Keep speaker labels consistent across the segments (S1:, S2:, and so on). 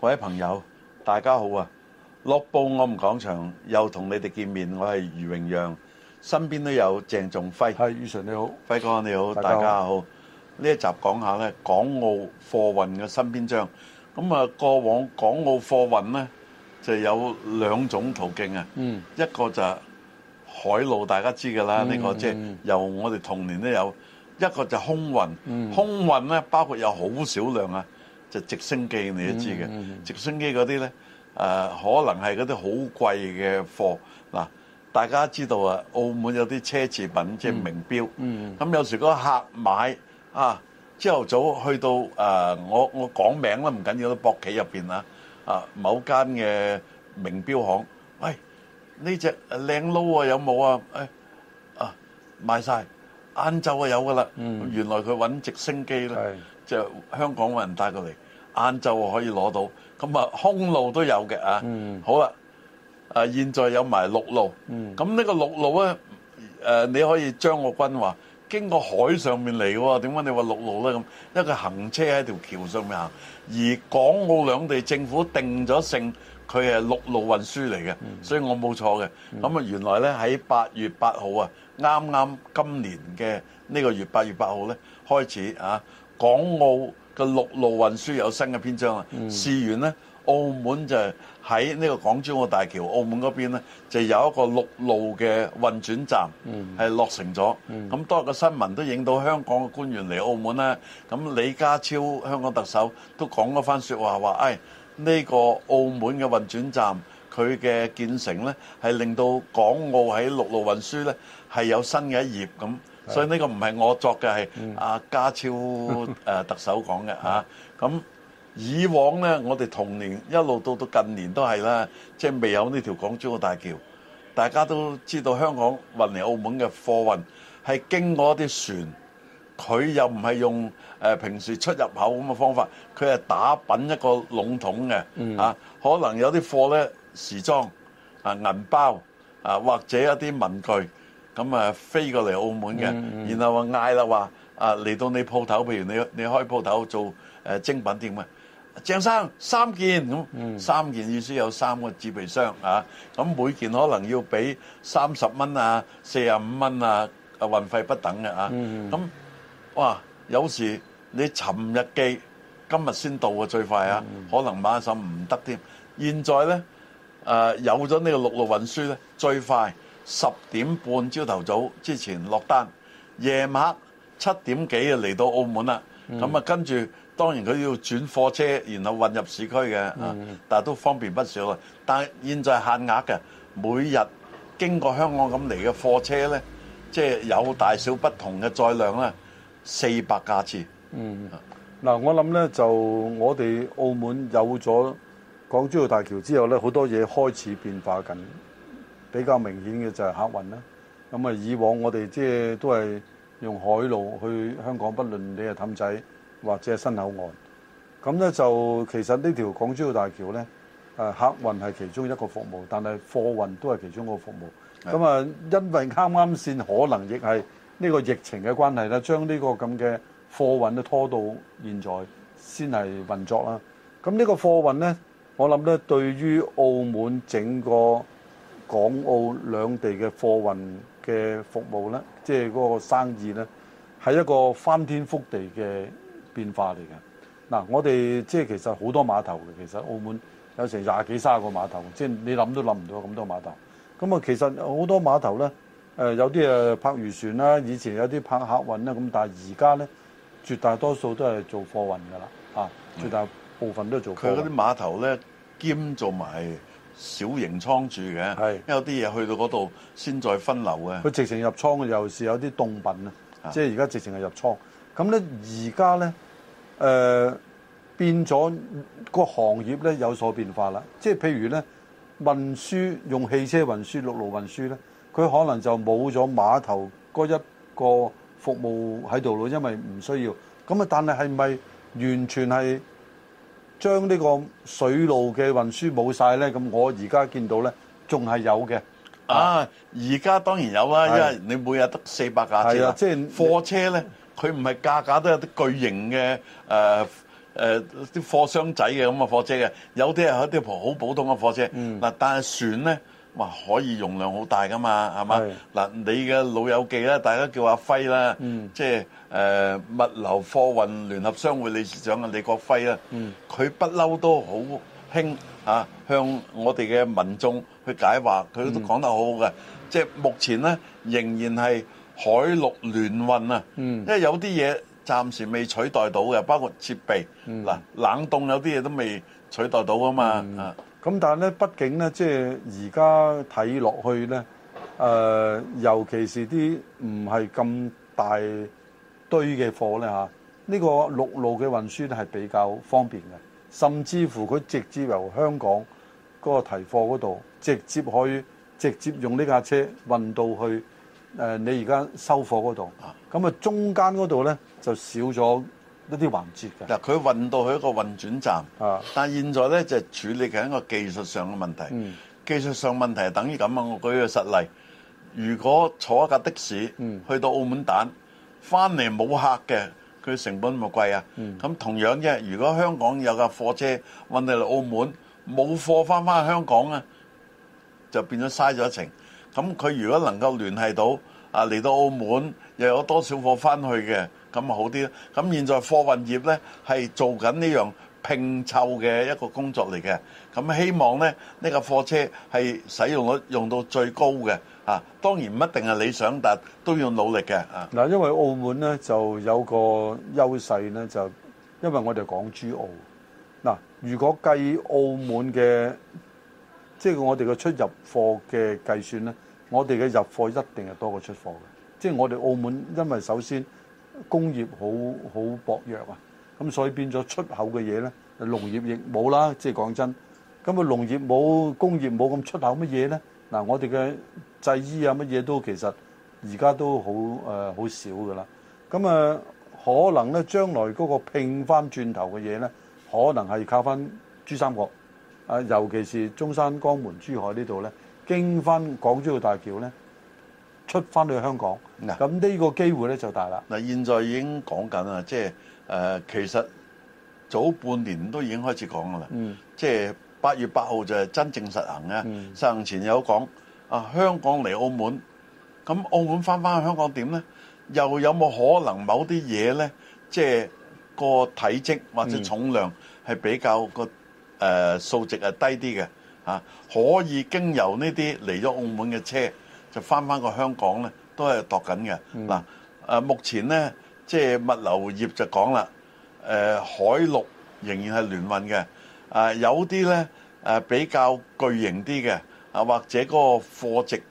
S1: 各位朋友，大家好啊！樂報我哋講場，又同你哋見面，我係余榮讓，身邊都有鄭仲輝。係，余 Sir 你好，輝哥你好，大家好。呢一集講一下咧，港澳貨運嘅新篇章。咁啊，過往港澳貨運咧，就有兩種途徑啊。嗯。一個就係海路，大家知㗎啦，呢、嗯個即係，嗯、由我哋童年都有。一個就係空運，嗯、空運咧包括有好少量啊。就直升機你都知嘅，直升機嗰啲咧，誒可能係嗰啲好貴嘅貨。嗱，大家知道啊，澳門有啲奢侈品，即係名錶。咁有時嗰個客買啊，朝頭早去到誒，我我講名啦，唔緊要啦，博企入邊啊，啊某間嘅名錶行，喂，呢隻靚錶啊有冇啊？誒啊賣曬，晏晝啊有㗎啦。原來佢揾直升機咧，就香港人帶過嚟。晏晝可以攞到，咁啊空路都有嘅啊、嗯。好啦，現在有埋陸路，咁、嗯、呢個陸路咧誒，你可以將個軍話經過海上面嚟喎。點解你話陸路咧咁？因為佢行車喺條橋上面行，而港澳兩地政府定咗性，佢係陸路運輸嚟嘅，所以我冇錯嘅。咁、嗯、啊，原來咧喺八月八號啊，啱啱今年嘅呢個月八月八號咧開始啊，港澳。個陸路運輸有新嘅篇章啦、嗯。事源呢，澳門就喺呢個港珠澳大橋澳門嗰邊咧，就有一個陸路嘅運轉站，係、嗯、落成咗。咁、嗯、多個新聞都影到香港嘅官員嚟澳門咧。咁李家超香港特首都講咗番説話，話呢、哎呢個澳門嘅運轉站佢嘅建成呢，係令到港澳喺陸路運輸呢，係有新嘅一頁咁。所以呢個唔係我作嘅，係阿家超誒特首講嘅嚇。咁、 啊、以往呢，我哋同年一路到到近年都係啦，即係未有呢條港珠澳大橋，大家都知道香港運嚟澳門嘅貨運係經過一啲船，佢又唔係用誒平時出入口咁嘅方法，佢係打品一個籠統嘅，啊可能有啲貨呢，時裝啊、銀包啊、或者一啲文具。咁啊，飛過嚟澳門嘅、嗯嗯，然後話嗌啦話，啊嚟到你鋪頭，譬如你你開鋪頭做誒、呃、精品店嘅，鄭生三件咁，三件意思、嗯、有三個紙皮箱啊，咁每件可能要俾三十蚊啊，四十五蚊啊，啊運費不等嘅啊，咁、嗯、哇，有時你尋日寄，今日先到嘅最快啊、嗯，可能馬上唔得添。現在咧，誒、啊、有咗呢個陸路運輸咧，最快。十點半朝頭早之前落單，夜晚七點幾就嚟到澳門啦。咁、嗯、啊，跟住當然佢要轉貨車，然後運入市區嘅、嗯，但都方便不少。但係現在限額嘅，每日經過香港咁嚟嘅貨車呢，即、就、係、是、有大小不同嘅載量啦，四百架次。
S2: 嗯，嗱、嗯，我諗呢，就我哋澳門有咗港珠澳大橋之後呢，好多嘢開始變化緊。比較明顯嘅就係客運啦。咁啊，以往我哋即係都係用海路去香港，不論你係氹仔或者係新口岸。咁咧就其實呢條港珠澳大橋咧，誒客運係其中一個服務，但係貨運都係其中一個服務。咁啊，因為啱啱先可能亦係呢個疫情嘅關係啦，將呢個咁嘅貨運都拖到現在先係運作啦。咁呢個貨運咧，我諗咧對於澳門整個。港澳兩地嘅貨運嘅服務呢，即係嗰個生意呢，係一個翻天覆地嘅變化嚟嘅。嗱，我哋即係其實好多碼頭嘅，其實澳門有成廿幾卅個碼頭，即係你諗都諗唔到咁多碼頭。咁啊，其實好多碼頭呢，誒有啲誒泊漁船啦、啊，以前有啲泊客運啦，咁但係而家呢，絕大多數都
S1: 係做貨運㗎啦，啊，絕大部分都做貨運，嗯。佢嗰啲碼頭呢，兼做埋。小型倉住嘅，因為有啲嘢去到嗰度先再分流嘅。佢
S2: 直情入倉，又是有啲凍品啊，即係而家直情係入倉。咁咧而家咧，誒、呃、變咗、那個行業咧有所變化啦。即係譬如咧，運輸用汽車運輸、陸路運輸咧，佢可能就冇咗碼頭嗰一個服務喺度咯，因為唔需要。咁啊，但係係咪完全係。將呢個水路嘅運輸冇
S1: 晒咧，咁我而家見到咧，仲係有嘅。啊，而家當然有啦，因為你每日得四百架車。係啊，即係貨車咧，佢唔係架架都有啲巨型嘅誒誒啲貨箱仔嘅咁嘅貨車嘅，有啲係一啲好普通嘅貨車。嗯，但係船呢，嗱，但係船咧。哇！可以容量好大噶嘛，係嘛？嗱，你嘅老友記啦，大家叫阿輝啦，即、嗯、係、誒、物流貨運聯合商會理事長嘅李國輝啦，佢不嬲都好興啊，向我哋嘅民眾去解話，佢都講得好好嘅。即、嗯、係、就是、目前咧，仍然係海陸聯運啊、嗯，因為有啲嘢暫時未取代到嘅，包括設備，嗱、嗯、冷凍有啲嘢都未取代到啊嘛啊！嗯咁
S2: 但係咧，畢竟咧，即係而家睇落去咧，誒，尤其是啲唔係咁大堆嘅貨咧嚇，呢個陸路嘅運輸係比較方便嘅，甚至乎佢直接由香港嗰個提貨嗰度直接可以直接用呢架車運到去誒你而家收貨嗰度，咁啊中間嗰度咧就少咗。一啲
S1: 環節㗎，嗱佢運到去一個運轉站，啊、但係現在咧就係、處理緊一個技術上嘅問題。嗯、技術上問題係等於咁啊，我舉個實例，如果坐一架的士、嗯、去到澳門蛋，翻嚟冇客嘅，佢成本咪貴啊？咁、嗯、同樣啫，如果香港有架貨車運嚟嚟澳門冇貨，翻翻去香港啊，就變咗嘥咗一程。咁佢如果能夠聯繫到，啊！嚟到澳門又有多少貨翻去嘅，咁好啲囉。咁現在貨運業呢係做緊呢樣拼湊嘅一個工作嚟嘅。咁希望呢呢、呢個貨車係使用率用到最高嘅。啊，當然唔一定係理想，但都要努力嘅。啊，
S2: 嗱，因為澳門呢就有個優勢呢就因為我哋港珠澳，嗱，如果計澳門嘅即係我哋嘅出入貨嘅計算呢我哋嘅入貨一定係多過出貨嘅，即係我哋澳門，因為首先工業好好薄弱啊，咁所以變咗出口嘅嘢呢，農業亦冇啦。即係講真，咁啊農業冇，工業冇咁出口乜嘢呢？嗱，我哋嘅製衣啊乜嘢都其實而家都好誒好少㗎啦。咁啊可能呢將來嗰個拼翻轉頭嘅嘢呢，可能係靠翻珠三角啊，尤其是中山、江門、珠海呢度呢。經翻港珠澳大橋咧，出翻
S1: 到去香港，咁呢個機會咧就大啦。嗱，現在已經講緊啦，即係誒，其實早半年都已經開始講噶啦。嗯，即係八月八號就係真正實行呀。嗯，實行前有講啊，香港嚟澳門，咁澳門翻翻去香港點咧？又有冇可能某啲嘢咧，即係個體積或者重量係比較個誒數值係低啲嘅？可以經由呢啲嚟咗澳門嘅車，就翻翻個香港咧，都係度緊嘅。嗱、嗯，誒、啊、目前咧，即、就、係、是、物流業就講啦，誒、呃、海陸仍然係聯運嘅。啊，有啲咧誒比較巨型啲嘅，啊或者嗰個貨值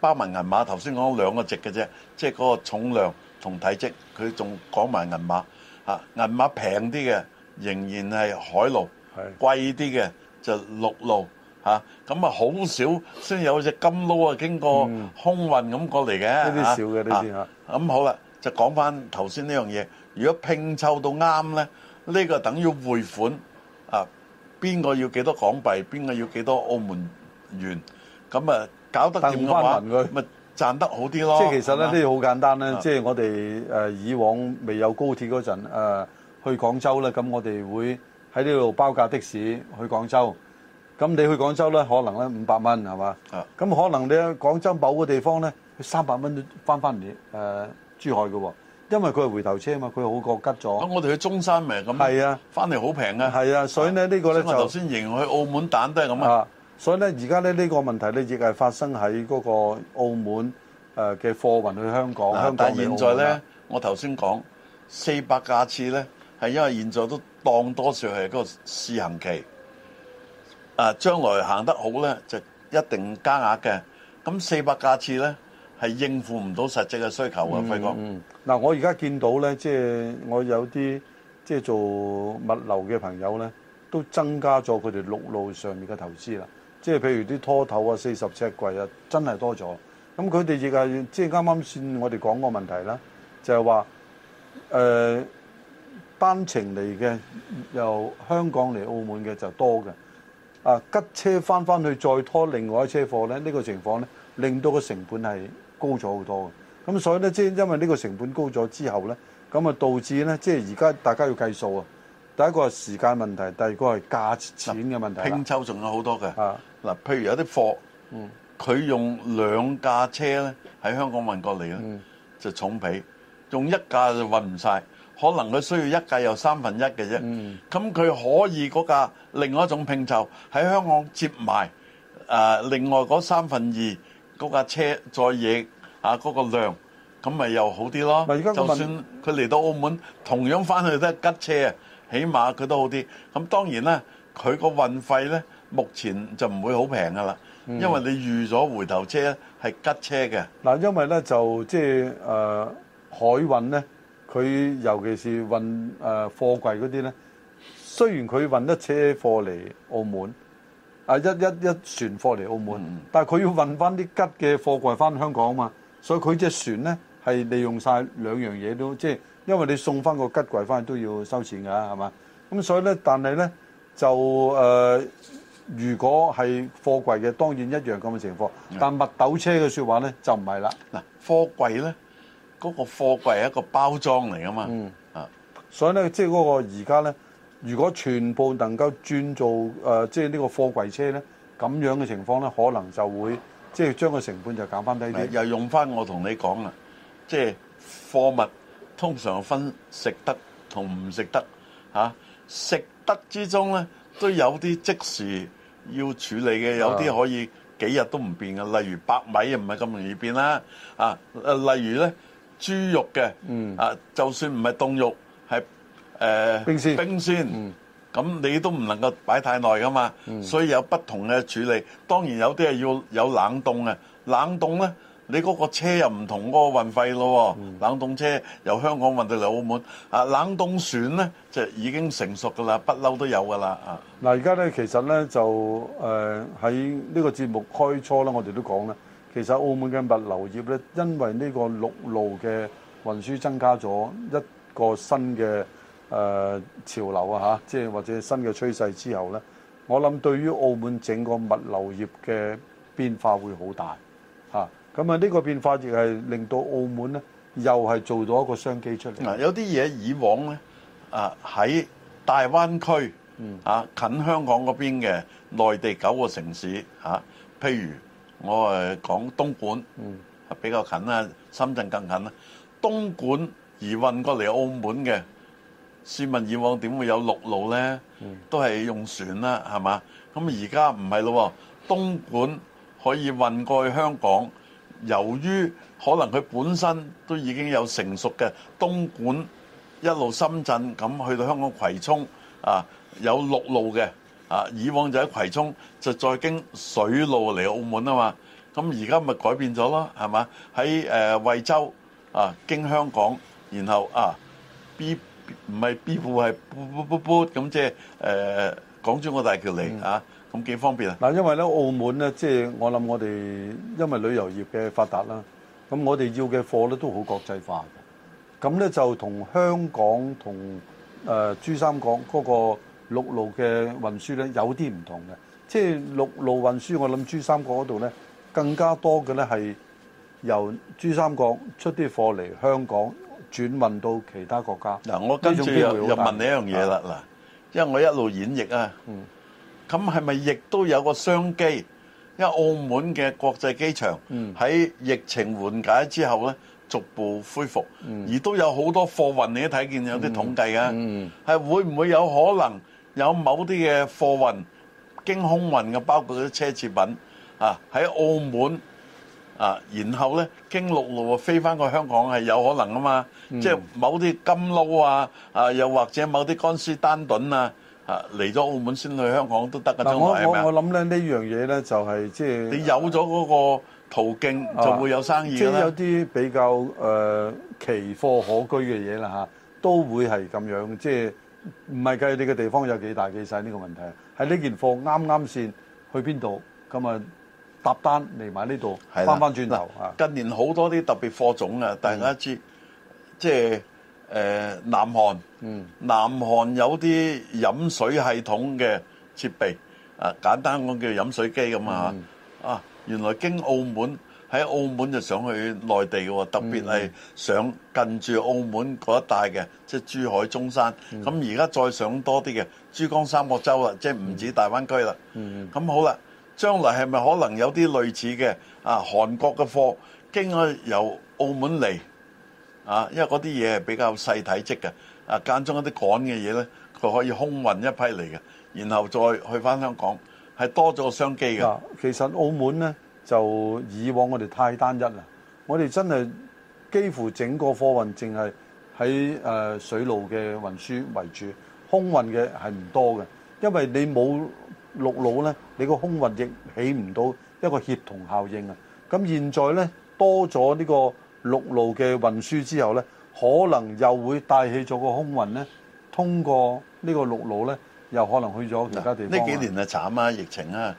S1: 包埋銀碼。頭先講兩個值嘅啫，即係嗰個重量同體積，佢仲講埋銀碼。啊，銀碼平啲嘅，仍然係海陸；貴啲嘅，就陸路嚇，咁啊好少，雖然有一隻金撈啊經過空運咁過嚟嘅，呢啲少嘅呢啲嚇，咁好啦，就講翻頭先呢樣嘢。如果拼湊到啱咧，呢、呢個等於匯款啊，邊個要幾多港幣，邊個要幾多澳門元，咁啊搞得掂翻佢，咪賺得好啲咯。即係其實咧呢啲好簡單咧，即、啊、係、就
S2: 係、我哋誒以往未有高鐵嗰陣、啊、去廣州咧，咁我哋會。喺呢度包架的士去廣州，咁你去廣州咧，可能咧五百蚊係嘛？咁可能你喺廣州某個地方咧，佢三百蚊都翻返嚟誒珠海嘅喎，因為佢係回頭車啊嘛，佢好過吉咗。咁
S1: 我哋去中山咪係咁？係啊，翻嚟好平啊。係啊，所以咧呢個咧我頭先形容去澳門蛋都係咁啊。
S2: 所以咧而家咧呢個問題咧亦係發生喺嗰個澳門
S1: 誒嘅貨運去香港，香港現在咧。我頭先講四百架次咧。因為現在都當多少係嗰個試行期，啊，將來行得好咧，就一定加額嘅。咁四百架次咧，係應付唔到實際嘅需求嘅。輝哥，
S2: 嗯，嗱，我而家見到咧，即係我有啲即係做物流嘅朋友咧，都增加咗佢哋陸路上面嘅投資啦。即係譬如啲拖頭啊、四十尺櫃啊，真係多咗。咁佢哋亦係即係啱啱先我哋講個問題啦，就係話，誒。呃單程嚟嘅，由香港嚟澳門嘅就多嘅。啊，吉車翻翻去再拖另外一車貨咧，呢、這個情況咧，令到個成本係高咗好多嘅。咁所以咧，即係因為呢個成本高咗之後咧，咁啊導致咧，即係而家大家要計數啊。第一個係時間問題，第二個係價錢嘅問題。拼湊仲有好
S1: 多嘅。嗱、啊啊，譬如有啲貨，嗯，佢用兩架車咧喺香港運過嚟咧、嗯，就重比用一架就運唔晒。可能佢需要一架又三分一嘅啫，咁佢可以嗰架另外一種拼湊喺香港接埋，誒另外嗰三分二嗰架車再嘢啊嗰個量，咁咪又好啲咯。就算佢嚟到澳門，同樣翻去都係吉車啊，起碼佢都好啲。咁當然啦，佢個運費咧，目前就唔會好平噶啦，因為你預咗回頭車係吉車嘅。嗱，因為咧就即係誒海運咧。佢尤其是運
S2: 誒貨櫃嗰啲咧，雖然佢運一車貨嚟澳門，啊一一一船貨嚟澳門，但係佢要運翻啲吉嘅貨櫃翻香港啊嘛，所以佢隻船咧係利用晒兩樣嘢都，即係因為你送翻個吉櫃翻去都要收錢㗎啦，係嘛？咁所以咧，但係咧就誒，如果係貨櫃嘅，當然一樣咁嘅情況，但係密斗車嘅説話咧就唔係啦。
S1: 嗱，貨櫃咧。嗰、那個貨櫃係一個包裝嚟噶嘛、嗯，啊，
S2: 所以咧，即係嗰個而家咧，如果全部能夠轉做誒，即係呢個貨櫃
S1: 車咧，咁樣嘅情況咧，可能就會即係、就是、將個成本就減翻低啲。又用翻我同你講啦，即、就、係、是、貨物通常分食得同唔食得嚇、啊、食得之中咧都有啲即時要處理嘅，有啲可以幾日都唔變嘅，例如白米唔係咁容易變啦，啊，例如咧。豬肉嘅、嗯，啊，就算唔係凍肉，係誒冰鮮，冰鮮，咁、嗯、你都唔能夠擺太耐噶嘛、嗯，所以有不同嘅處理。當然有啲係要有冷凍嘅，冷凍咧，你嗰個車又唔同嗰個運費咯喎、嗯、冷凍車由香港運到嚟澳門，啊，冷凍船咧，就已經成熟㗎啦，不嬲都有㗎啦啊。
S2: 嗱，而家咧，其實咧就誒喺呢個節目開初咧，我哋都講啦其實澳門嘅物流業咧，因為呢個陸路嘅運輸增加咗一個新嘅誒潮流啊嚇，即係或者新嘅趨勢之後咧，我諗對於澳門整個物流業嘅變化會好大嚇。咁啊，呢個變化亦係令到澳門咧，又係做到一個商機出嚟。有啲嘢以往咧
S1: 啊喺大灣區啊近香港嗰邊嘅內地九個城市嚇，譬如，我誒講東莞，比較近啊，深圳更近啊。東莞而運過嚟澳門嘅，市民以往點會有陸路呢？都係用船啦，係嘛？咁而家唔係咯，東莞可以運過去香港。由於可能佢本身都已經有成熟嘅東莞一路深圳咁去到香港葵涌啊，有陸路嘅。啊！以往就喺葵涌，就再經水路嚟澳門啊嘛，咁而家咪改變咗咯，係嘛？喺誒、呃、惠州啊，經香港，然後啊 B 唔係 B 貨係 B 咁、啊，即係誒港珠澳大橋嚟啊咁幾、啊啊、方便啊！嗱、嗯啊，因為咧澳門咧，即、就、係、是、我諗我哋因為旅遊業嘅發達啦，
S2: 咁我哋要嘅貨咧都好國際化嘅，咁咧就同香港同誒珠三角嗰、那個。陸路嘅運輸咧有啲唔同嘅，即係陸路運輸，我諗珠三角嗰度咧更加多嘅咧係由珠三角出啲貨嚟香港轉運到其他國家。嗱，我跟住又又問你一樣嘢啦，嗱，
S1: 因為我一路演繹啊，咁係咪亦都有個商機？因為澳門嘅國際機場喺疫情緩解之後咧逐步恢復，而都有好多貨運，你都睇見有啲統計啊，係會唔會有可能？有某啲嘅貨運經空運嘅，包括啲奢侈品啊，喺澳門啊，然後咧經陸路飛翻過香港係有可能啊嘛，即係某啲金勞啊，啊又或者某啲江詩丹頓啊，啊嚟咗澳門先去香港都得嘅，都唔係咩？我我我
S2: 諗咧呢樣嘢咧就係即係你
S1: 有咗嗰個途徑就會有生意啦。即係有
S2: 啲比較誒奇貨可居嘅嘢啦嚇，都會係咁樣即係。唔係計你嘅地方有幾大幾細呢個問題，喺呢件貨啱啱先去邊度，咁啊搭單嚟埋呢度，
S1: 翻翻轉頭。近年好多啲特別貨種啊，大家知，嗯、即係誒南韓，南韓、嗯、有啲飲水系統嘅設備，啊簡單講叫飲水機咁啊，啊原來經澳門。喺澳門就想去內地嘅，特別係想近住澳門嗰一帶嘅，即、嗯、係、就是、珠海、中山。咁而家再上多啲嘅珠江三角洲啦，即係唔止大灣區啦。咁、嗯、好啦，將來係咪可能有啲類似嘅啊？韓國嘅貨經由澳門嚟啊，因為嗰啲嘢係比較細體積嘅啊，間中一啲趕嘅嘢咧，佢可以空運一批嚟嘅，然後再去翻香港，係多咗個商機㗎。其實澳
S2: 門咧。就
S1: 以往我哋太單一啦，
S2: 我哋真係幾乎整個貨運淨係喺誒水路嘅運輸為主，空運嘅係唔多嘅，因為你冇陸路咧，你個空運亦起唔到一個協同效應啊。咁現在咧，多咗呢個陸路嘅運輸之後咧，可能又會帶起咗個空運咧，通過呢個陸路咧，又可能去咗
S1: 其他地方。呢幾年啊慘啊，疫情啊，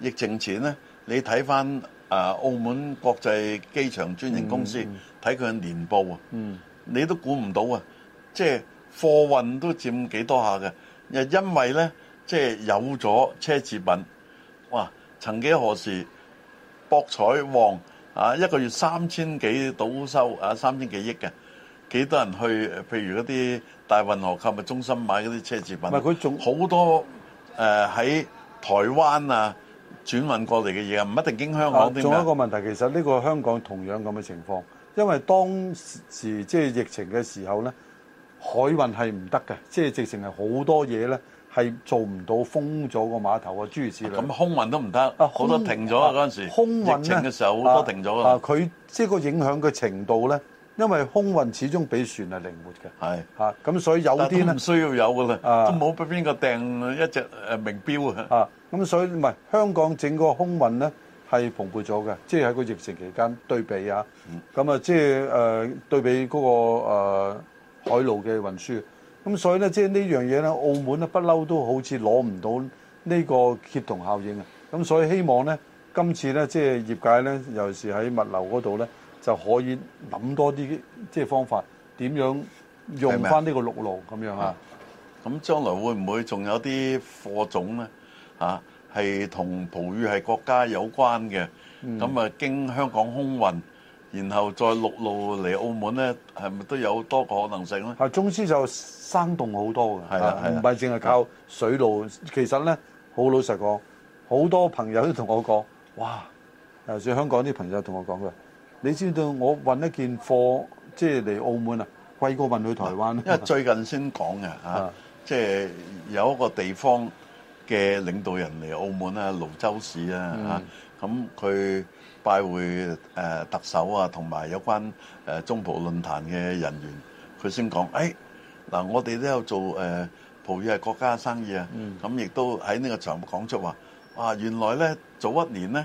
S1: 疫情前咧。你睇翻啊，澳門國際機場專營公司睇佢嘅年報啊，你都估唔到啊！即係貨運都佔幾多下嘅？又因為咧，即係有咗奢侈品，哇！曾幾何時博彩旺啊？一個月三千幾賭收啊，三千幾億嘅，幾多人去？譬如嗰啲大運河購物中心買嗰啲奢侈品，唔係佢仲好多誒喺台灣啊！轉運過嚟嘅嘢唔一定經香港。仲、啊、有一個
S2: 問題，其實呢個香港同樣咁嘅情況，因為當時即係、就是、疫情嘅時候呢海運係唔得嘅，即、就、係、是、直情係好多嘢呢係做唔到，封咗個碼頭啊，諸如此類。咁、啊、
S1: 空運都唔得，好多停咗嗰陣時。疫情嘅時候好多停咗啊。
S2: 佢、啊、即係個影響嘅程度呢。因為空運始終比船係靈活嘅，係嚇咁，所以有啲咧，唔需
S1: 要有噶啦，都冇畀邊個訂一隻誒名錶啊！咁所以唔係
S2: 香港整個空運咧係蓬勃咗嘅，即係喺個疫情期間對比嚇，咁啊即係誒對比嗰個誒海路嘅運輸，咁所以咧即係呢樣嘢咧，澳門咧不嬲都好似攞唔到呢個協同效應啊！咁所以希望咧，今次咧即係業界咧，尤其是喺物流嗰度咧。就可
S1: 以諗多啲即係方法，點樣用翻呢個陸路咁樣啊？咁將來會唔會仲有啲貨種咧？嚇係同葡語系國家有關嘅，咁、嗯、啊經香港空運，然後再陸路嚟澳門咧，係咪都有多個可能性咧？啊，
S2: 中資就生動好多嘅，唔係淨係靠水路。啊、其實咧，好老實講，好多朋友都同我講，哇！尤其香港啲朋友同我講嘅。你知唔知道我
S1: 運一件貨即係嚟澳門啊，貴過運去台灣。因為最近先講嘅嚇，即係有一個地方嘅領導人嚟澳門啊，瀘州市啊嚇，咁佢拜會誒特首啊，同埋有關誒中葡論壇嘅人員，佢先講誒嗱，我哋都有做誒葡語系國家生意啊，咁亦都喺呢個場講出話，哇！原來咧早一年咧。